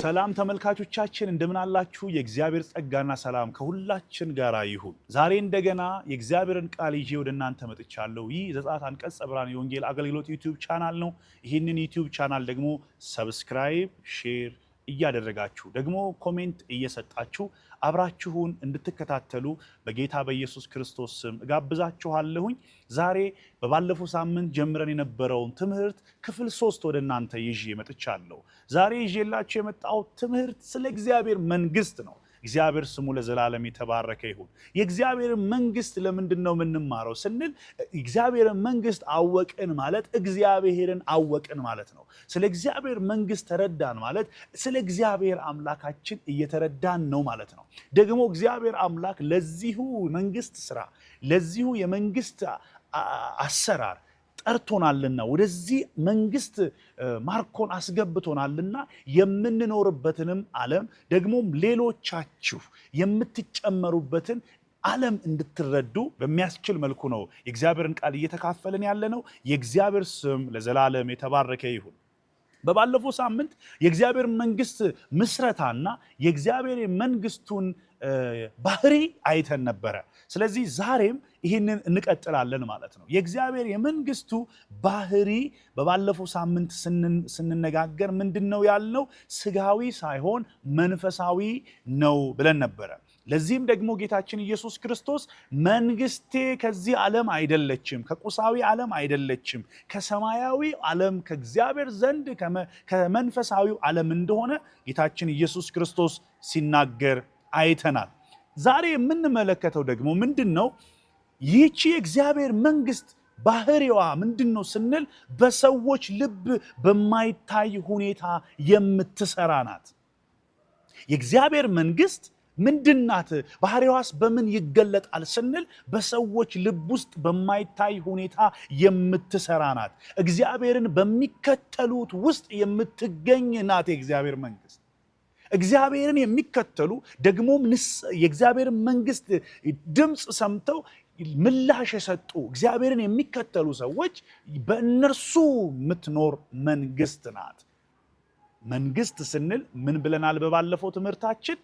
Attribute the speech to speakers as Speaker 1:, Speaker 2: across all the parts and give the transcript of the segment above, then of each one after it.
Speaker 1: ሰላም ተመልካቾቻችን እንደምን አላችሁ? የእግዚአብሔር ጸጋና ሰላም ከሁላችን ጋር ይሁን። ዛሬ እንደገና የእግዚአብሔርን ቃል ይዤ ወደ እናንተ መጥቻለሁ። ይህ ዘጸአት አንቀጸ ብርሃን የወንጌል አገልግሎት ዩቲዩብ ቻናል ነው። ይህንን ዩቲዩብ ቻናል ደግሞ ሰብስክራይብ፣ ሼር እያደረጋችሁ ደግሞ ኮሜንት እየሰጣችሁ አብራችሁን እንድትከታተሉ በጌታ በኢየሱስ ክርስቶስ ስም እጋብዛችኋለሁኝ። ዛሬ በባለፈው ሳምንት ጀምረን የነበረውን ትምህርት ክፍል ሶስት ወደ እናንተ ይዤ መጥቻለሁ። ዛሬ ይዤላችሁ የመጣው ትምህርት ስለ እግዚአብሔር መንግስት ነው። እግዚአብሔር ስሙ ለዘላለም የተባረከ ይሁን። የእግዚአብሔር መንግስት ለምንድን ነው የምንማረው ስንል እግዚአብሔር መንግስት አወቅን ማለት እግዚአብሔርን አወቅን ማለት ነው። ስለ እግዚአብሔር መንግስት ተረዳን ማለት ስለ እግዚአብሔር አምላካችን እየተረዳን ነው ማለት ነው። ደግሞ እግዚአብሔር አምላክ ለዚሁ መንግስት ስራ ለዚሁ የመንግስት አሰራር ጠርቶናልና ወደዚህ መንግስት ማርኮን አስገብቶናልና የምንኖርበትንም ዓለም ደግሞም ሌሎቻችሁ የምትጨመሩበትን ዓለም እንድትረዱ በሚያስችል መልኩ ነው የእግዚአብሔርን ቃል እየተካፈልን ያለ ነው። የእግዚአብሔር ስም ለዘላለም የተባረከ ይሁን። በባለፈው ሳምንት የእግዚአብሔር መንግስት ምስረታና የእግዚአብሔር መንግስቱን ባህሪ አይተን ነበረ። ስለዚህ ዛሬም ይህንን እንቀጥላለን ማለት ነው። የእግዚአብሔር የመንግስቱ ባህሪ በባለፈው ሳምንት ስንነጋገር ምንድን ነው ያልነው? ስጋዊ ሳይሆን መንፈሳዊ ነው ብለን ነበረ። ለዚህም ደግሞ ጌታችን ኢየሱስ ክርስቶስ መንግስቴ ከዚህ ዓለም አይደለችም፣ ከቁሳዊ ዓለም አይደለችም፣ ከሰማያዊ ዓለም ከእግዚአብሔር ዘንድ ከመንፈሳዊው ዓለም እንደሆነ ጌታችን ኢየሱስ ክርስቶስ ሲናገር አይተናል። ዛሬ የምንመለከተው ደግሞ ምንድን ነው? ይቺ የእግዚአብሔር መንግስት ባህሪዋ ምንድን ነው ስንል በሰዎች ልብ በማይታይ ሁኔታ የምትሰራ ናት። የእግዚአብሔር መንግስት ምንድናት ባህሪዋስ በምን ይገለጣል ስንል በሰዎች ልብ ውስጥ በማይታይ ሁኔታ የምትሰራ ናት። እግዚአብሔርን በሚከተሉት ውስጥ የምትገኝ ናት የእግዚአብሔር መንግስት። እግዚአብሔርን የሚከተሉ ደግሞም የእግዚአብሔር መንግስት ድምፅ ሰምተው ምላሽ የሰጡ እግዚአብሔርን የሚከተሉ ሰዎች በእነርሱ የምትኖር መንግስት ናት። መንግስት ስንል ምን ብለናል? በባለፈው ትምህርታችን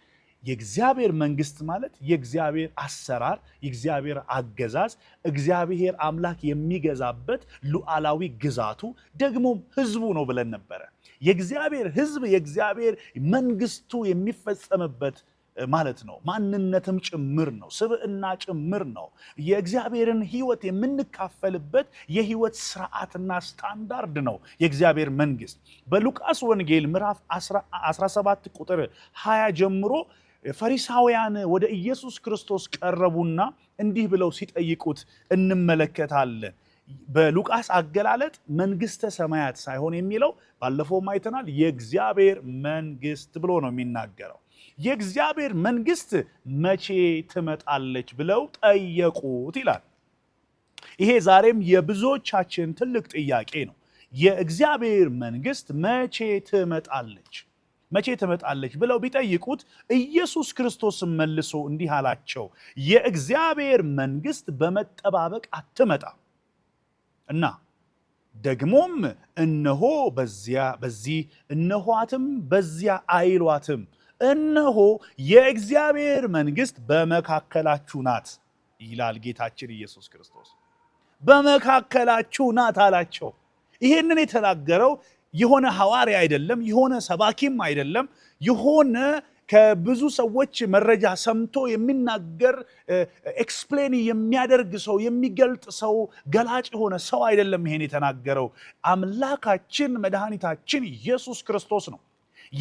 Speaker 1: የእግዚአብሔር መንግስት ማለት የእግዚአብሔር አሰራር፣ የእግዚአብሔር አገዛዝ፣ እግዚአብሔር አምላክ የሚገዛበት ሉዓላዊ ግዛቱ ደግሞም ህዝቡ ነው ብለን ነበረ። የእግዚአብሔር ህዝብ የእግዚአብሔር መንግስቱ የሚፈጸምበት ማለት ነው። ማንነትም ጭምር ነው። ስብዕና ጭምር ነው። የእግዚአብሔርን ሕይወት የምንካፈልበት የሕይወት ስርዓትና ስታንዳርድ ነው የእግዚአብሔር መንግስት። በሉቃስ ወንጌል ምዕራፍ 17 ቁጥር 20 ጀምሮ ፈሪሳውያን ወደ ኢየሱስ ክርስቶስ ቀረቡና እንዲህ ብለው ሲጠይቁት እንመለከታለን። በሉቃስ አገላለጥ መንግስተ ሰማያት ሳይሆን የሚለው ባለፈው አይተናል፣ የእግዚአብሔር መንግስት ብሎ ነው የሚናገረው። የእግዚአብሔር መንግስት መቼ ትመጣለች ብለው ጠየቁት ይላል። ይሄ ዛሬም የብዙዎቻችን ትልቅ ጥያቄ ነው። የእግዚአብሔር መንግስት መቼ ትመጣለች መቼ ትመጣለች ብለው ቢጠይቁት ኢየሱስ ክርስቶስ መልሶ እንዲህ አላቸው፣ የእግዚአብሔር መንግስት በመጠባበቅ አትመጣም እና ደግሞም እነሆ በዚያ በዚህ እነኋትም በዚያ አይሏትም እነሆ የእግዚአብሔር መንግስት በመካከላችሁ ናት ይላል ጌታችን ኢየሱስ ክርስቶስ። በመካከላችሁ ናት አላቸው። ይሄንን የተናገረው የሆነ ሐዋርያ አይደለም፣ የሆነ ሰባኪም አይደለም፣ የሆነ ከብዙ ሰዎች መረጃ ሰምቶ የሚናገር ኤክስፕሌን የሚያደርግ ሰው የሚገልጥ ሰው ገላጭ የሆነ ሰው አይደለም። ይሄን የተናገረው አምላካችን መድኃኒታችን ኢየሱስ ክርስቶስ ነው።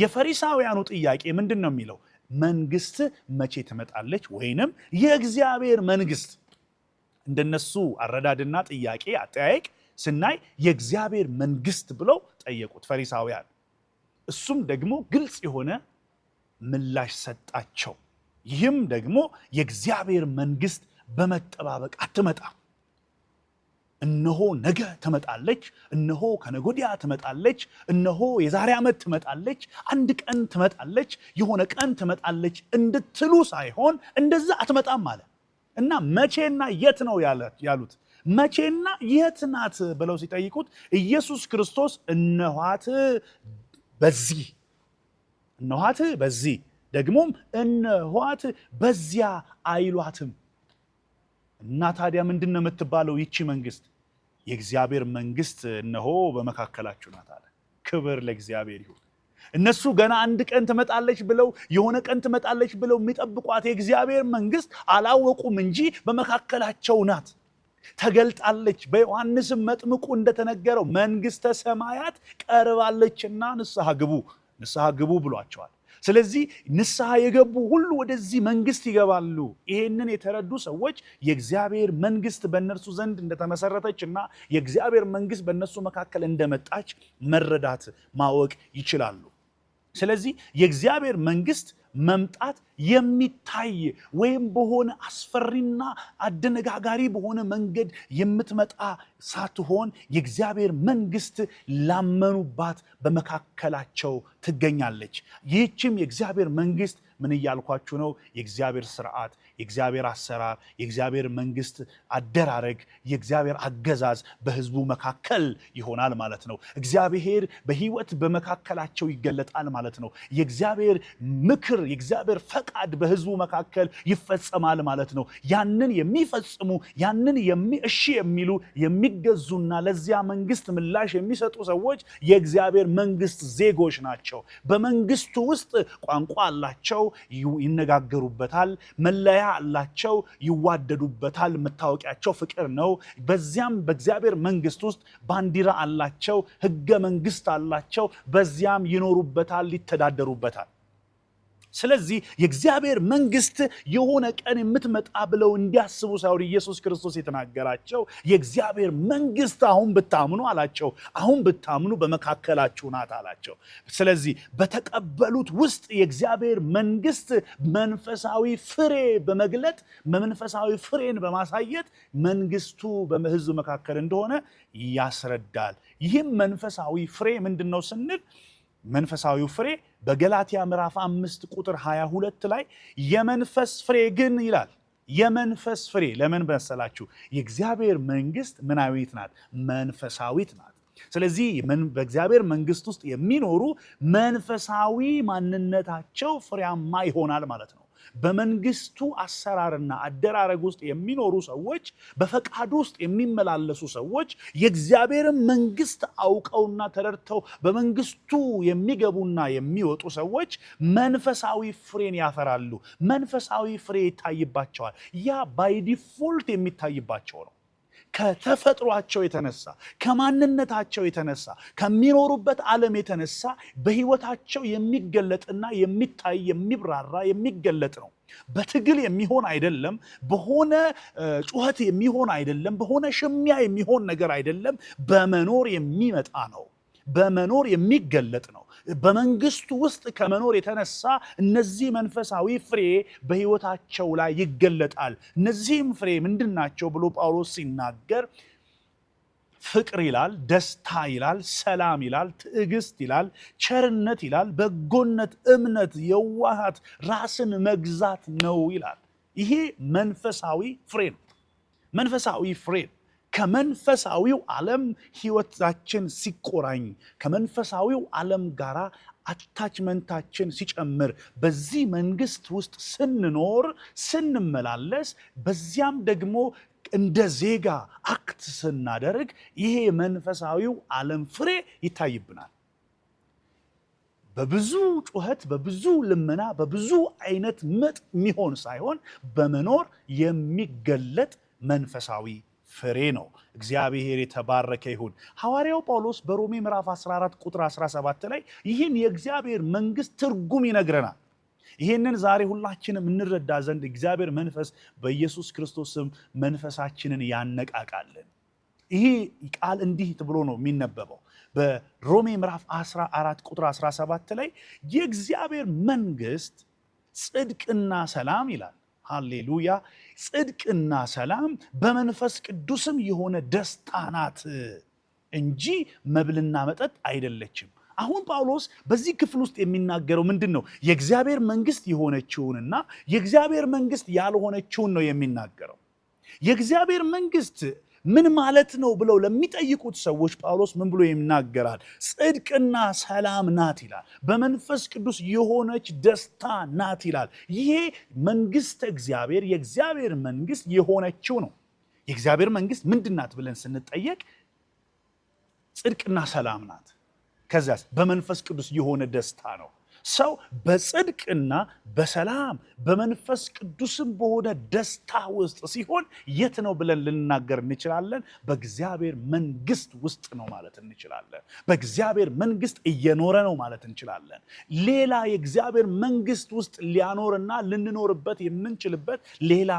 Speaker 1: የፈሪሳውያኑ ጥያቄ ምንድን ነው የሚለው? መንግስት መቼ ትመጣለች? ወይንም የእግዚአብሔር መንግስት እንደነሱ አረዳድና ጥያቄ አጠያየቅ ስናይ የእግዚአብሔር መንግስት ብለው ጠየቁት ፈሪሳውያን። እሱም ደግሞ ግልጽ የሆነ ምላሽ ሰጣቸው። ይህም ደግሞ የእግዚአብሔር መንግስት በመጠባበቅ አትመጣም እነሆ ነገ ትመጣለች፣ እነሆ ከነጎዲያ ትመጣለች፣ እነሆ የዛሬ ዓመት ትመጣለች፣ አንድ ቀን ትመጣለች፣ የሆነ ቀን ትመጣለች እንድትሉ ሳይሆን እንደዛ አትመጣም አለ እና መቼና የት ነው ያሉት። መቼና የት ናት ብለው ሲጠይቁት ኢየሱስ ክርስቶስ እነኋት በዚህ እነኋት በዚህ ደግሞም እነኋት በዚያ አይሏትም እና ታዲያ ምንድን ነው የምትባለው ይቺ መንግስት? የእግዚአብሔር መንግስት እነሆ በመካከላችሁ ናት አለ። ክብር ለእግዚአብሔር ይሁን። እነሱ ገና አንድ ቀን ትመጣለች ብለው የሆነ ቀን ትመጣለች ብለው የሚጠብቋት የእግዚአብሔር መንግስት አላወቁም እንጂ በመካከላቸው ናት፣ ተገልጣለች። በዮሐንስም መጥምቁ እንደተነገረው መንግስተ ሰማያት ቀርባለችና ንስሐ ግቡ፣ ንስሐ ግቡ ብሏቸዋል። ስለዚህ ንስሐ የገቡ ሁሉ ወደዚህ መንግስት ይገባሉ። ይሄንን የተረዱ ሰዎች የእግዚአብሔር መንግስት በእነርሱ ዘንድ እንደተመሰረተች እና የእግዚአብሔር መንግስት በእነሱ መካከል እንደመጣች መረዳት ማወቅ ይችላሉ። ስለዚህ የእግዚአብሔር መንግስት መምጣት የሚታይ ወይም በሆነ አስፈሪና አደነጋጋሪ በሆነ መንገድ የምትመጣ ሳትሆን የእግዚአብሔር መንግስት ላመኑባት በመካከላቸው ትገኛለች። ይህችም የእግዚአብሔር መንግስት። ምን እያልኳችሁ ነው? የእግዚአብሔር ስርዓት፣ የእግዚአብሔር አሰራር፣ የእግዚአብሔር መንግስት አደራረግ፣ የእግዚአብሔር አገዛዝ በህዝቡ መካከል ይሆናል ማለት ነው። እግዚአብሔር በህይወት በመካከላቸው ይገለጣል ማለት ነው። የእግዚአብሔር ምክር፣ የእግዚአብሔር ፈቃድ በህዝቡ መካከል ይፈጸማል ማለት ነው። ያንን የሚፈጽሙ ያንን እሺ የሚሉ የሚገዙና ለዚያ መንግስት ምላሽ የሚሰጡ ሰዎች የእግዚአብሔር መንግስት ዜጎች ናቸው። በመንግስቱ ውስጥ ቋንቋ አላቸው፣ ይነጋገሩበታል፣ መለያ አላቸው፣ ይዋደዱበታል። መታወቂያቸው ፍቅር ነው። በዚያም በእግዚአብሔር መንግስት ውስጥ ባንዲራ አላቸው፣ ህገ መንግስት አላቸው። በዚያም ይኖሩበታል፣ ይተዳደሩበታል። ስለዚህ የእግዚአብሔር መንግስት የሆነ ቀን የምትመጣ ብለው እንዲያስቡ ሳይሆን ኢየሱስ ክርስቶስ የተናገራቸው የእግዚአብሔር መንግስት አሁን ብታምኑ አላቸው፣ አሁን ብታምኑ በመካከላችሁ ናት አላቸው። ስለዚህ በተቀበሉት ውስጥ የእግዚአብሔር መንግስት መንፈሳዊ ፍሬ በመግለጥ መንፈሳዊ ፍሬን በማሳየት መንግስቱ በህዝብ መካከል እንደሆነ ያስረዳል። ይህም መንፈሳዊ ፍሬ ምንድን ነው ስንል መንፈሳዊው ፍሬ በገላትያ ምዕራፍ አምስት ቁጥር 22 ላይ የመንፈስ ፍሬ ግን ይላል የመንፈስ ፍሬ ለምን መሰላችሁ? የእግዚአብሔር መንግስት ምናዊት ናት? መንፈሳዊት ናት። ስለዚህ በእግዚአብሔር መንግስት ውስጥ የሚኖሩ መንፈሳዊ ማንነታቸው ፍሬያማ ይሆናል ማለት ነው። በመንግስቱ አሰራርና አደራረግ ውስጥ የሚኖሩ ሰዎች፣ በፈቃድ ውስጥ የሚመላለሱ ሰዎች የእግዚአብሔርን መንግስት አውቀውና ተረድተው በመንግስቱ የሚገቡና የሚወጡ ሰዎች መንፈሳዊ ፍሬን ያፈራሉ። መንፈሳዊ ፍሬ ይታይባቸዋል። ያ ባይ ዲፎልት የሚታይባቸው ነው። ከተፈጥሯቸው የተነሳ ከማንነታቸው የተነሳ ከሚኖሩበት ዓለም የተነሳ በህይወታቸው የሚገለጥና የሚታይ የሚብራራ የሚገለጥ ነው። በትግል የሚሆን አይደለም። በሆነ ጩኸት የሚሆን አይደለም። በሆነ ሽሚያ የሚሆን ነገር አይደለም። በመኖር የሚመጣ ነው። በመኖር የሚገለጥ ነው። በመንግስቱ ውስጥ ከመኖር የተነሳ እነዚህ መንፈሳዊ ፍሬ በህይወታቸው ላይ ይገለጣል። እነዚህም ፍሬ ምንድን ናቸው ብሎ ጳውሎስ ሲናገር ፍቅር ይላል፣ ደስታ ይላል፣ ሰላም ይላል፣ ትዕግስት ይላል፣ ቸርነት ይላል፣ በጎነት፣ እምነት፣ የዋሃት፣ ራስን መግዛት ነው ይላል። ይሄ መንፈሳዊ ፍሬ ነው። መንፈሳዊ ፍሬ ነው። ከመንፈሳዊው ዓለም ህይወታችን ሲቆራኝ ከመንፈሳዊው ዓለም ጋር አታችመንታችን ሲጨምር በዚህ መንግስት ውስጥ ስንኖር ስንመላለስ በዚያም ደግሞ እንደ ዜጋ አክት ስናደርግ ይሄ መንፈሳዊው ዓለም ፍሬ ይታይብናል። በብዙ ጩኸት፣ በብዙ ልመና፣ በብዙ አይነት ምጥ የሚሆን ሳይሆን በመኖር የሚገለጥ መንፈሳዊ ፍሬ ነው። እግዚአብሔር የተባረከ ይሁን። ሐዋርያው ጳውሎስ በሮሜ ምዕራፍ 14 ቁጥር 17 ላይ ይህን የእግዚአብሔር መንግስት ትርጉም ይነግረናል። ይህንን ዛሬ ሁላችንም እንረዳ ዘንድ እግዚአብሔር መንፈስ በኢየሱስ ክርስቶስም መንፈሳችንን ያነቃቃልን። ይህ ቃል እንዲህ ብሎ ነው የሚነበበው በሮሜ ምዕራፍ 14 ቁጥር 17 ላይ የእግዚአብሔር መንግስት ጽድቅና ሰላም ይላል። ሃሌሉያ ጽድቅና ሰላም በመንፈስ ቅዱስም የሆነ ደስታ ናት እንጂ መብልና መጠጥ አይደለችም። አሁን ጳውሎስ በዚህ ክፍል ውስጥ የሚናገረው ምንድን ነው? የእግዚአብሔር መንግስት የሆነችውንና የእግዚአብሔር መንግስት ያልሆነችውን ነው የሚናገረው። የእግዚአብሔር መንግስት ምን ማለት ነው ብለው ለሚጠይቁት ሰዎች ጳውሎስ ምን ብሎ ይናገራል? ጽድቅና ሰላም ናት ይላል። በመንፈስ ቅዱስ የሆነች ደስታ ናት ይላል። ይሄ መንግስት እግዚአብሔር የእግዚአብሔር መንግስት የሆነችው ነው። የእግዚአብሔር መንግስት ምንድናት ብለን ስንጠየቅ ጽድቅና ሰላም ናት። ከዚያስ በመንፈስ ቅዱስ የሆነ ደስታ ነው። ሰው በጽድቅና በሰላም በመንፈስ ቅዱስም በሆነ ደስታ ውስጥ ሲሆን የት ነው ብለን ልንናገር እንችላለን? በእግዚአብሔር መንግስት ውስጥ ነው ማለት እንችላለን። በእግዚአብሔር መንግስት እየኖረ ነው ማለት እንችላለን። ሌላ የእግዚአብሔር መንግስት ውስጥ ሊያኖርና ልንኖርበት የምንችልበት ሌላ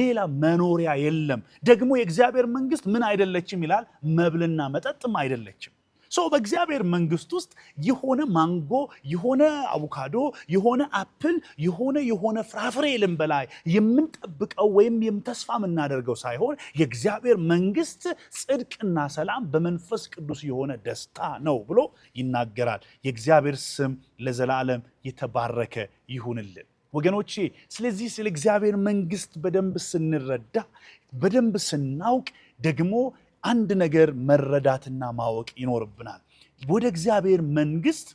Speaker 1: ሌላ መኖሪያ የለም። ደግሞ የእግዚአብሔር መንግስት ምን አይደለችም ይላል፣ መብልና መጠጥም አይደለችም። ሰው በእግዚአብሔር መንግስት ውስጥ የሆነ ማንጎ፣ የሆነ አቮካዶ፣ የሆነ አፕል፣ የሆነ የሆነ ፍራፍሬ በላይ የምንጠብቀው ወይም ተስፋ የምናደርገው ሳይሆን የእግዚአብሔር መንግስት ጽድቅና ሰላም በመንፈስ ቅዱስ የሆነ ደስታ ነው ብሎ ይናገራል። የእግዚአብሔር ስም ለዘላለም የተባረከ ይሁንልን ወገኖቼ። ስለዚህ ስለ እግዚአብሔር መንግስት በደንብ ስንረዳ፣ በደንብ ስናውቅ ደግሞ አንድ ነገር መረዳትና ማወቅ ይኖርብናል። ወደ እግዚአብሔር መንግስት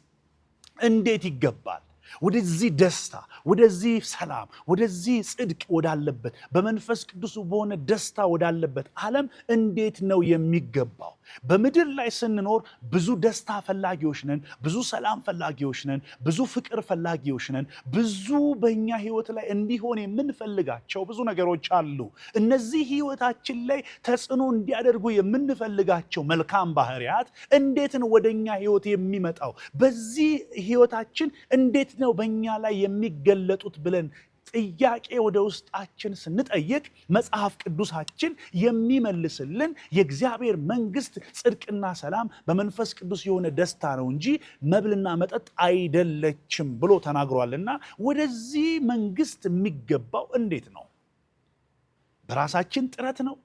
Speaker 1: እንዴት ይገባል? ወደዚህ ደስታ፣ ወደዚህ ሰላም፣ ወደዚህ ጽድቅ ወዳለበት በመንፈስ ቅዱስ በሆነ ደስታ ወዳለበት ዓለም እንዴት ነው የሚገባው? በምድር ላይ ስንኖር ብዙ ደስታ ፈላጊዎች ነን፣ ብዙ ሰላም ፈላጊዎች ነን፣ ብዙ ፍቅር ፈላጊዎች ነን። ብዙ በእኛ ህይወት ላይ እንዲሆን የምንፈልጋቸው ብዙ ነገሮች አሉ። እነዚህ ህይወታችን ላይ ተጽዕኖ እንዲያደርጉ የምንፈልጋቸው መልካም ባህሪያት እንዴት ነው ወደኛ ህይወት የሚመጣው? በዚህ ህይወታችን እንዴት ነው በእኛ ላይ የሚገለጡት ብለን ጥያቄ ወደ ውስጣችን ስንጠይቅ መጽሐፍ ቅዱሳችን የሚመልስልን የእግዚአብሔር መንግስት ጽድቅና ሰላም በመንፈስ ቅዱስ የሆነ ደስታ ነው እንጂ መብልና መጠጥ አይደለችም ብሎ ተናግሯልና ወደዚህ መንግስት የሚገባው እንዴት ነው? በራሳችን ጥረት ነው?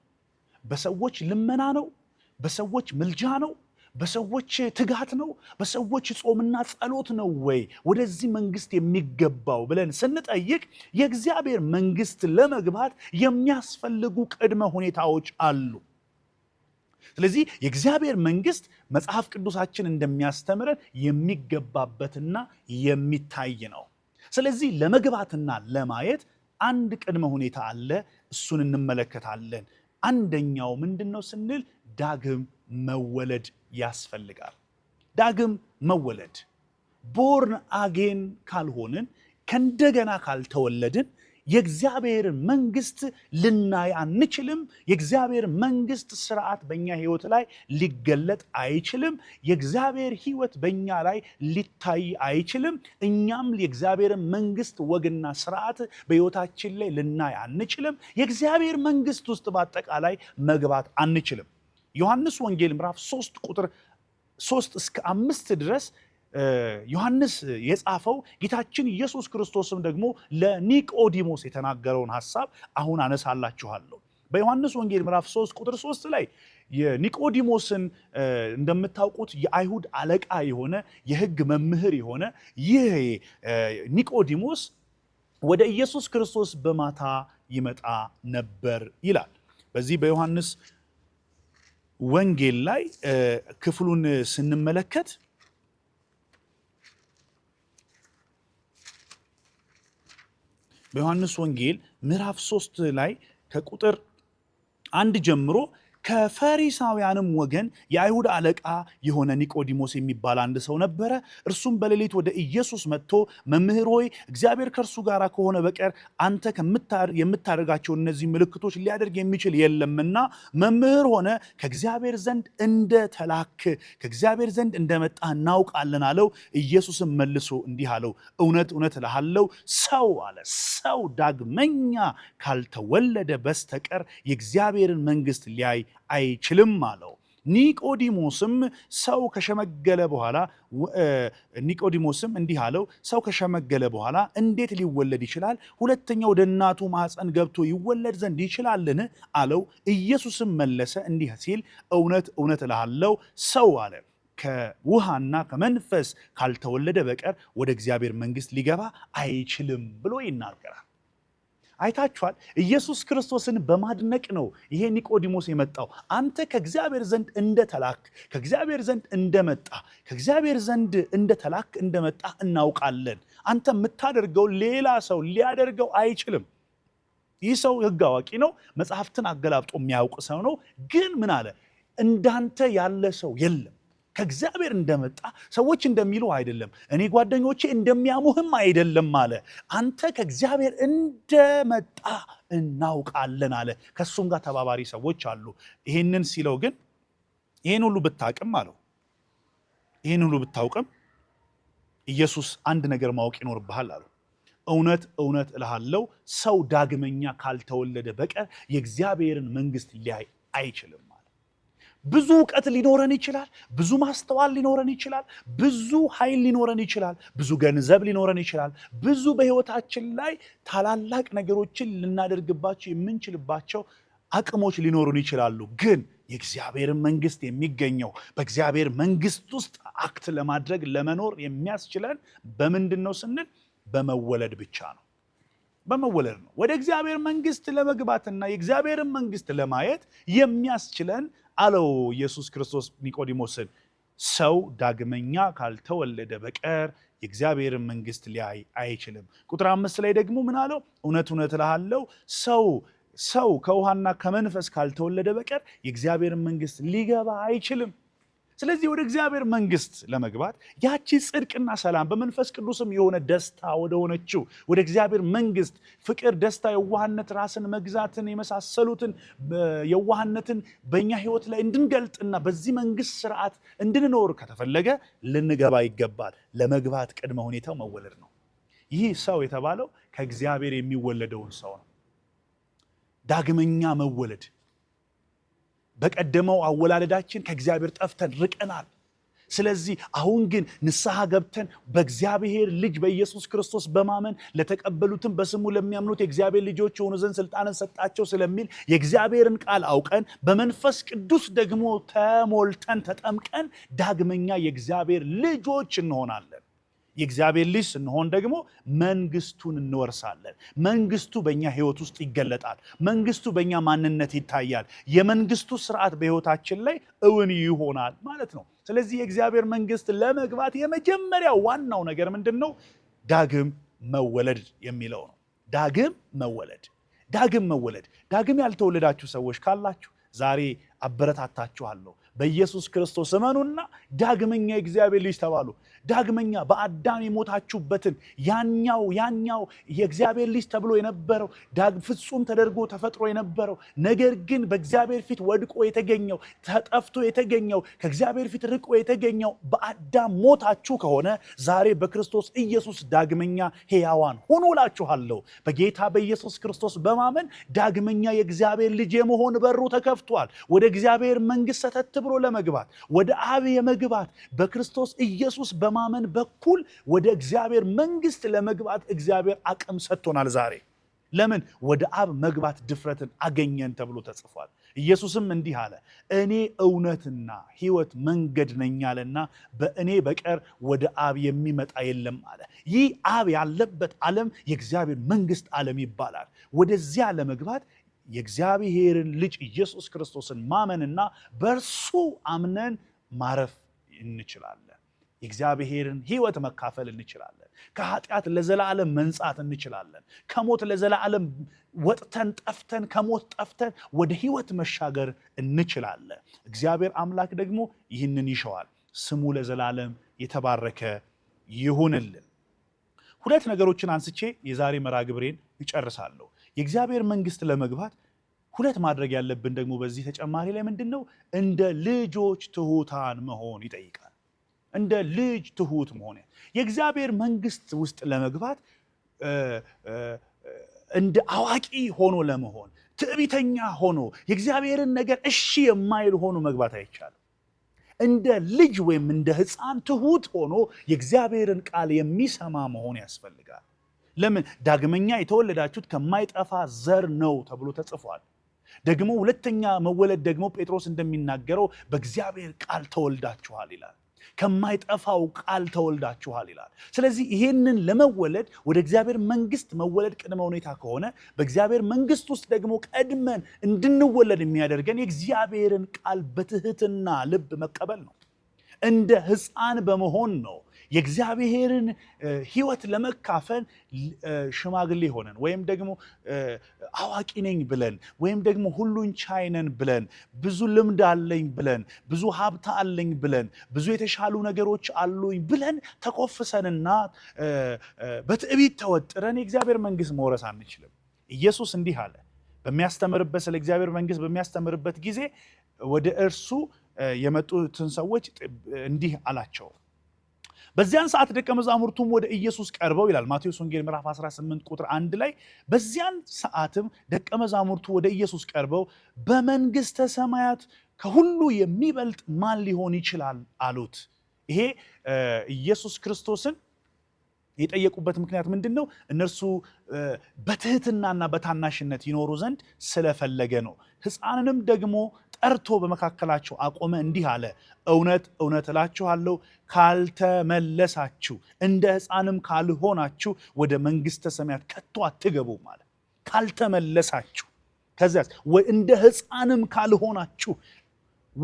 Speaker 1: በሰዎች ልመና ነው? በሰዎች ምልጃ ነው? በሰዎች ትጋት ነው? በሰዎች ጾምና ጸሎት ነው ወይ ወደዚህ መንግስት የሚገባው ብለን ስንጠይቅ የእግዚአብሔር መንግስት ለመግባት የሚያስፈልጉ ቅድመ ሁኔታዎች አሉ። ስለዚህ የእግዚአብሔር መንግስት መጽሐፍ ቅዱሳችን እንደሚያስተምረን የሚገባበትና የሚታይ ነው። ስለዚህ ለመግባትና ለማየት አንድ ቅድመ ሁኔታ አለ። እሱን እንመለከታለን። አንደኛው ምንድን ነው ስንል ዳግም መወለድ ያስፈልጋል። ዳግም መወለድ ቦርን አጌን ካልሆንን ከእንደገና ካልተወለድን የእግዚአብሔር መንግስት ልናይ አንችልም። የእግዚአብሔር መንግስት ስርዓት በእኛ ህይወት ላይ ሊገለጥ አይችልም። የእግዚአብሔር ህይወት በእኛ ላይ ሊታይ አይችልም። እኛም የእግዚአብሔርን መንግስት ወግና ስርዓት በህይወታችን ላይ ልናይ አንችልም። የእግዚአብሔር መንግስት ውስጥ በአጠቃላይ መግባት አንችልም። ዮሐንስ ወንጌል ምዕራፍ ሶስት ቁጥር ሶስት እስከ አምስት ድረስ ዮሐንስ የጻፈው ጌታችን ኢየሱስ ክርስቶስም ደግሞ ለኒቆዲሞስ የተናገረውን ሐሳብ አሁን አነሳላችኋለሁ። በዮሐንስ ወንጌል ምዕራፍ 3 ቁጥር 3 ላይ የኒቆዲሞስን እንደምታውቁት የአይሁድ አለቃ የሆነ የህግ መምህር የሆነ ይህ ኒቆዲሞስ ወደ ኢየሱስ ክርስቶስ በማታ ይመጣ ነበር ይላል። በዚህ በዮሐንስ ወንጌል ላይ ክፍሉን ስንመለከት በዮሐንስ ወንጌል ምዕራፍ ሶስት ላይ ከቁጥር አንድ ጀምሮ ከፈሪሳውያንም ወገን የአይሁድ አለቃ የሆነ ኒቆዲሞስ የሚባል አንድ ሰው ነበረ። እርሱም በሌሊት ወደ ኢየሱስ መጥቶ መምህር ሆይ እግዚአብሔር ከእርሱ ጋር ከሆነ በቀር አንተ የምታደርጋቸው እነዚህ ምልክቶች ሊያደርግ የሚችል የለምና መምህር ሆነ ከእግዚአብሔር ዘንድ እንደተላክ ከእግዚአብሔር ዘንድ እንደመጣ እናውቃለን አለው። ኢየሱስም መልሶ እንዲህ አለው፣ እውነት እውነት እልሃለሁ ሰው አለ ሰው ዳግመኛ ካልተወለደ በስተቀር የእግዚአብሔርን መንግስት ሊያይ አይችልም አለው። ኒቆዲሞስም ሰው ከሸመገለ በኋላ ኒቆዲሞስም እንዲህ አለው፣ ሰው ከሸመገለ በኋላ እንዴት ሊወለድ ይችላል? ሁለተኛ ወደ እናቱ ማኅፀን ገብቶ ይወለድ ዘንድ ይችላልን? አለው። ኢየሱስም መለሰ እንዲህ ሲል እውነት እውነት እልሃለሁ ሰው አለ ከውሃና ከመንፈስ ካልተወለደ በቀር ወደ እግዚአብሔር መንግሥት ሊገባ አይችልም ብሎ ይናገራል። አይታችኋል። ኢየሱስ ክርስቶስን በማድነቅ ነው ይሄ ኒቆዲሞስ የመጣው። አንተ ከእግዚአብሔር ዘንድ እንደተላክ ከእግዚአብሔር ዘንድ እንደመጣ ከእግዚአብሔር ዘንድ እንደተላክ እንደመጣ እናውቃለን። አንተ የምታደርገው ሌላ ሰው ሊያደርገው አይችልም። ይህ ሰው ሕግ አዋቂ ነው። መጽሐፍትን አገላብጦ የሚያውቅ ሰው ነው። ግን ምን አለ? እንዳንተ ያለ ሰው የለም ከእግዚአብሔር እንደመጣ ሰዎች እንደሚሉ አይደለም፣ እኔ ጓደኞቼ እንደሚያሙህም አይደለም አለ። አንተ ከእግዚአብሔር እንደመጣ እናውቃለን አለ። ከእሱም ጋር ተባባሪ ሰዎች አሉ። ይሄንን ሲለው ግን ይህን ሁሉ ብታቅም አለው፣ ይህን ሁሉ ብታውቅም ኢየሱስ አንድ ነገር ማወቅ ይኖርብሃል አለው። እውነት እውነት እልሃለው ሰው ዳግመኛ ካልተወለደ በቀር የእግዚአብሔርን መንግስት ሊያይ አይችልም። ብዙ እውቀት ሊኖረን ይችላል። ብዙ ማስተዋል ሊኖረን ይችላል። ብዙ ኃይል ሊኖረን ይችላል። ብዙ ገንዘብ ሊኖረን ይችላል። ብዙ በህይወታችን ላይ ታላላቅ ነገሮችን ልናደርግባቸው የምንችልባቸው አቅሞች ሊኖሩን ይችላሉ። ግን የእግዚአብሔርን መንግስት የሚገኘው በእግዚአብሔር መንግስት ውስጥ አክት ለማድረግ ለመኖር የሚያስችለን በምንድን ነው ስንል በመወለድ ብቻ ነው። በመወለድ ነው። ወደ እግዚአብሔር መንግስት ለመግባትና የእግዚአብሔርን መንግስት ለማየት የሚያስችለን አለው ኢየሱስ ክርስቶስ ኒቆዲሞስን ሰው ዳግመኛ ካልተወለደ በቀር የእግዚአብሔር መንግስት ሊያይ አይችልም። ቁጥር አምስት ላይ ደግሞ ምን አለው? እውነት እውነት እልሃለሁ ሰው ሰው ከውሃና ከመንፈስ ካልተወለደ በቀር የእግዚአብሔር መንግስት ሊገባ አይችልም። ስለዚህ ወደ እግዚአብሔር መንግስት ለመግባት ያቺ ጽድቅና ሰላም በመንፈስ ቅዱስም የሆነ ደስታ ወደ ሆነችው ወደ እግዚአብሔር መንግስት ፍቅር፣ ደስታ፣ የዋህነት፣ ራስን መግዛትን የመሳሰሉትን የዋህነትን በእኛ ህይወት ላይ እንድንገልጥና በዚህ መንግስት ስርዓት እንድንኖር ከተፈለገ ልንገባ ይገባል። ለመግባት ቅድመ ሁኔታው መወለድ ነው። ይህ ሰው የተባለው ከእግዚአብሔር የሚወለደውን ሰው ነው። ዳግመኛ መወለድ በቀደመው አወላለዳችን ከእግዚአብሔር ጠፍተን ርቀናል። ስለዚህ አሁን ግን ንስሐ ገብተን በእግዚአብሔር ልጅ በኢየሱስ ክርስቶስ በማመን ለተቀበሉትም በስሙ ለሚያምኑት የእግዚአብሔር ልጆች የሆኑ ዘንድ ስልጣንን ሰጣቸው ስለሚል የእግዚአብሔርን ቃል አውቀን በመንፈስ ቅዱስ ደግሞ ተሞልተን ተጠምቀን ዳግመኛ የእግዚአብሔር ልጆች እንሆናለን። የእግዚአብሔር ልጅ ስንሆን ደግሞ መንግስቱን እንወርሳለን። መንግስቱ በእኛ ህይወት ውስጥ ይገለጣል። መንግስቱ በእኛ ማንነት ይታያል። የመንግስቱ ስርዓት በህይወታችን ላይ እውን ይሆናል ማለት ነው። ስለዚህ የእግዚአብሔር መንግስት ለመግባት የመጀመሪያ ዋናው ነገር ምንድን ነው? ዳግም መወለድ የሚለው ነው። ዳግም መወለድ ዳግም መወለድ ዳግም ያልተወለዳችሁ ሰዎች ካላችሁ ዛሬ አበረታታችኋለሁ። በኢየሱስ ክርስቶስ እመኑና ዳግመኛ የእግዚአብሔር ልጅ ተባሉ። ዳግመኛ በአዳም የሞታችሁበትን ያኛው ያኛው የእግዚአብሔር ልጅ ተብሎ የነበረው ፍጹም ተደርጎ ተፈጥሮ የነበረው ነገር ግን በእግዚአብሔር ፊት ወድቆ የተገኘው ተጠፍቶ የተገኘው ከእግዚአብሔር ፊት ርቆ የተገኘው በአዳም ሞታችሁ ከሆነ ዛሬ በክርስቶስ ኢየሱስ ዳግመኛ ሕያዋን ሁኑ እላችኋለሁ። በጌታ በኢየሱስ ክርስቶስ በማመን ዳግመኛ የእግዚአብሔር ልጅ የመሆን በሩ ተከፍቷል። ወደ እግዚአብሔር መንግስት ሰተት ሰብሮ ለመግባት ወደ አብ የመግባት በክርስቶስ ኢየሱስ በማመን በኩል ወደ እግዚአብሔር መንግስት ለመግባት እግዚአብሔር አቅም ሰጥቶናል ዛሬ ለምን ወደ አብ መግባት ድፍረትን አገኘን ተብሎ ተጽፏል። ኢየሱስም እንዲህ አለ፣ እኔ እውነትና ሕይወት መንገድ ነኝ አለና በእኔ በቀር ወደ አብ የሚመጣ የለም አለ። ይህ አብ ያለበት ዓለም የእግዚአብሔር መንግስት ዓለም ይባላል። ወደዚያ ለመግባት የእግዚአብሔርን ልጅ ኢየሱስ ክርስቶስን ማመንና በእርሱ አምነን ማረፍ እንችላለን። የእግዚአብሔርን ህይወት መካፈል እንችላለን። ከኃጢአት ለዘላለም መንጻት እንችላለን። ከሞት ለዘላለም ወጥተን ጠፍተን ከሞት ጠፍተን ወደ ህይወት መሻገር እንችላለን። እግዚአብሔር አምላክ ደግሞ ይህንን ይሸዋል። ስሙ ለዘላለም የተባረከ ይሁንልን። ሁለት ነገሮችን አንስቼ የዛሬ መራግብሬን ግብሬን ይጨርሳለሁ። የእግዚአብሔር መንግስት ለመግባት ሁለት ማድረግ ያለብን ደግሞ በዚህ ተጨማሪ ላይ ምንድን ነው? እንደ ልጆች ትሁታን መሆን ይጠይቃል። እንደ ልጅ ትሁት መሆን የእግዚአብሔር መንግስት ውስጥ ለመግባት እንደ አዋቂ ሆኖ ለመሆን ትዕቢተኛ ሆኖ የእግዚአብሔርን ነገር እሺ የማይል ሆኖ መግባት አይቻልም። እንደ ልጅ ወይም እንደ ሕፃን ትሁት ሆኖ የእግዚአብሔርን ቃል የሚሰማ መሆን ያስፈልጋል። ለምን ዳግመኛ የተወለዳችሁት ከማይጠፋ ዘር ነው ተብሎ ተጽፏል። ደግሞ ሁለተኛ መወለድ ደግሞ ጴጥሮስ እንደሚናገረው በእግዚአብሔር ቃል ተወልዳችኋል ይላል። ከማይጠፋው ቃል ተወልዳችኋል ይላል። ስለዚህ ይሄንን ለመወለድ ወደ እግዚአብሔር መንግስት መወለድ ቅድመ ሁኔታ ከሆነ በእግዚአብሔር መንግስት ውስጥ ደግሞ ቀድመን እንድንወለድ የሚያደርገን የእግዚአብሔርን ቃል በትህትና ልብ መቀበል ነው። እንደ ሕፃን በመሆን ነው የእግዚአብሔርን ህይወት ለመካፈል ሽማግሌ ሆነን ወይም ደግሞ አዋቂ ነኝ ብለን ወይም ደግሞ ሁሉን ቻይነን ብለን ብዙ ልምድ አለኝ ብለን ብዙ ሀብት አለኝ ብለን ብዙ የተሻሉ ነገሮች አሉኝ ብለን ተኮፍሰንና በትዕቢት ተወጥረን የእግዚአብሔር መንግስት መውረስ አንችልም። ኢየሱስ እንዲህ አለ በሚያስተምርበት ስለ እግዚአብሔር መንግስት በሚያስተምርበት ጊዜ ወደ እርሱ የመጡትን ሰዎች እንዲህ አላቸው በዚያን ሰዓት ደቀ መዛሙርቱም ወደ ኢየሱስ ቀርበው ይላል ማቴዎስ ወንጌል ምዕራፍ 18 ቁጥር አንድ ላይ በዚያን ሰዓትም ደቀ መዛሙርቱ ወደ ኢየሱስ ቀርበው በመንግስተ ሰማያት ከሁሉ የሚበልጥ ማን ሊሆን ይችላል አሉት። ይሄ ኢየሱስ ክርስቶስን የጠየቁበት ምክንያት ምንድን ነው? እነርሱ በትህትናና በታናሽነት ይኖሩ ዘንድ ስለፈለገ ነው። ሕፃንንም ደግሞ ጠርቶ በመካከላቸው አቆመ፣ እንዲህ አለ፣ እውነት እውነት እላችኋለሁ ካልተመለሳችሁ እንደ ሕፃንም ካልሆናችሁ ወደ መንግሥተ ሰማያት ከቶ አትገቡም አለ። ካልተመለሳችሁ ከዚያ እንደ ሕፃንም ካልሆናችሁ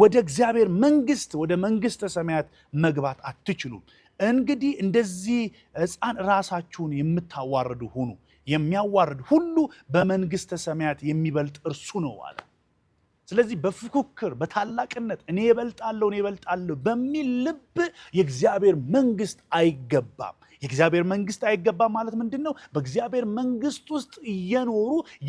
Speaker 1: ወደ እግዚአብሔር መንግስት ወደ መንግስተ ሰማያት መግባት አትችሉም። እንግዲህ እንደዚህ ህፃን ራሳችሁን የምታዋርዱ ሁኑ፣ የሚያዋርድ ሁሉ በመንግስተ ሰማያት የሚበልጥ እርሱ ነው አለ። ስለዚህ በፉክክር በታላቅነት እኔ የበልጣለሁ እኔ የበልጣለሁ በሚል ልብ የእግዚአብሔር መንግስት አይገባም። የእግዚአብሔር መንግስት አይገባም ማለት ምንድን ነው? በእግዚአብሔር መንግስት ውስጥ እየኖሩ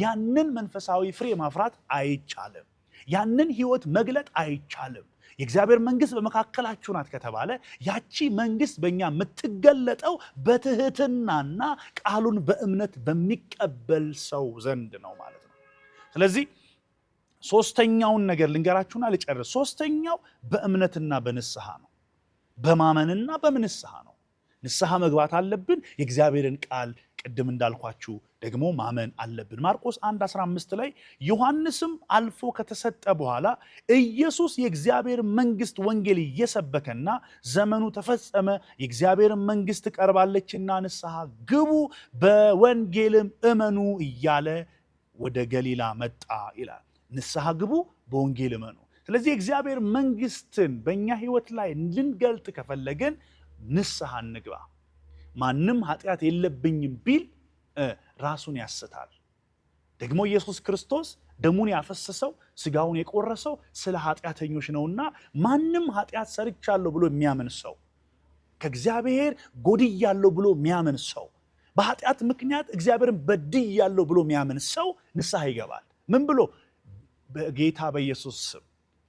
Speaker 1: ያንን መንፈሳዊ ፍሬ ማፍራት አይቻልም። ያንን ህይወት መግለጥ አይቻልም። የእግዚአብሔር መንግስት በመካከላችሁ ናት ከተባለ ያቺ መንግስት በእኛ የምትገለጠው በትህትናና ቃሉን በእምነት በሚቀበል ሰው ዘንድ ነው ማለት ነው። ስለዚህ ሶስተኛውን ነገር ልንገራችሁና ልጨርስ። ሶስተኛው በእምነትና በንስሐ ነው። በማመንና በምንስሐ ነው። ንስሐ መግባት አለብን። የእግዚአብሔርን ቃል ቅድም እንዳልኳችሁ ደግሞ ማመን አለብን። ማርቆስ 1 15 ላይ ዮሐንስም አልፎ ከተሰጠ በኋላ ኢየሱስ የእግዚአብሔር መንግስት ወንጌል እየሰበከና ዘመኑ ተፈጸመ፣ የእግዚአብሔር መንግስት ቀርባለችና ንስሐ ግቡ፣ በወንጌልም እመኑ እያለ ወደ ገሊላ መጣ ይላል። ንስሐ ግቡ፣ በወንጌል እመኑ። ስለዚህ የእግዚአብሔር መንግስትን በእኛ ህይወት ላይ ልንገልጥ ከፈለግን ንስሐ እንግባ። ማንም ኃጢአት የለብኝም ቢል ራሱን ያስታል። ደግሞ ኢየሱስ ክርስቶስ ደሙን ያፈሰሰው ስጋውን የቆረሰው ስለ ኃጢአተኞች ነውና ማንም ኃጢአት ሰርቻለሁ ብሎ የሚያምን ሰው ከእግዚአብሔር ጎድያለሁ ብሎ የሚያምን ሰው በኃጢአት ምክንያት እግዚአብሔርን በድያለሁ ብሎ የሚያምን ሰው ንስሐ ይገባል። ምን ብሎ በጌታ በኢየሱስ ስም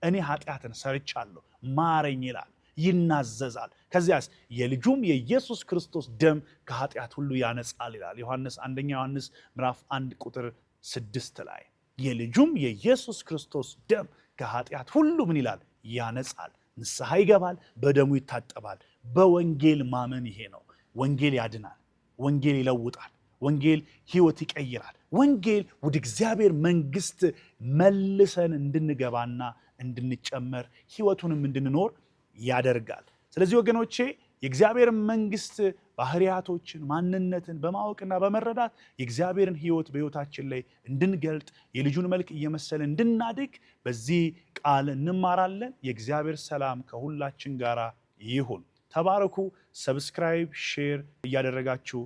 Speaker 1: እኔ ኃጢአትን ሰርቻለሁ ማረኝ ይላል፣ ይናዘዛል። ከዚያስ የልጁም የኢየሱስ ክርስቶስ ደም ከኃጢአት ሁሉ ያነጻል ይላል ዮሐንስ አንደኛ ዮሐንስ ምራፍ አንድ ቁጥር ስድስት ላይ የልጁም የኢየሱስ ክርስቶስ ደም ከኃጢአት ሁሉ ምን ይላል? ያነጻል። ንስሐ ይገባል፣ በደሙ ይታጠባል። በወንጌል ማመን ይሄ ነው። ወንጌል ያድናል። ወንጌል ይለውጣል። ወንጌል ህይወት ይቀይራል። ወንጌል ወደ እግዚአብሔር መንግስት መልሰን እንድንገባና እንድንጨመር ህይወቱንም እንድንኖር ያደርጋል። ስለዚህ ወገኖቼ የእግዚአብሔር መንግስት ባህሪያቶችን ማንነትን በማወቅና በመረዳት የእግዚአብሔርን ህይወት በህይወታችን ላይ እንድንገልጥ የልጁን መልክ እየመሰለ እንድናድግ በዚህ ቃል እንማራለን። የእግዚአብሔር ሰላም ከሁላችን ጋር ይሁን። ተባረኩ። ሰብስክራይብ፣ ሼር እያደረጋችሁ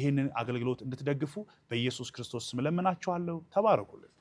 Speaker 1: ይህንን አገልግሎት እንድትደግፉ በኢየሱስ ክርስቶስ ስም ለምናችኋለሁ። ተባረኩልን።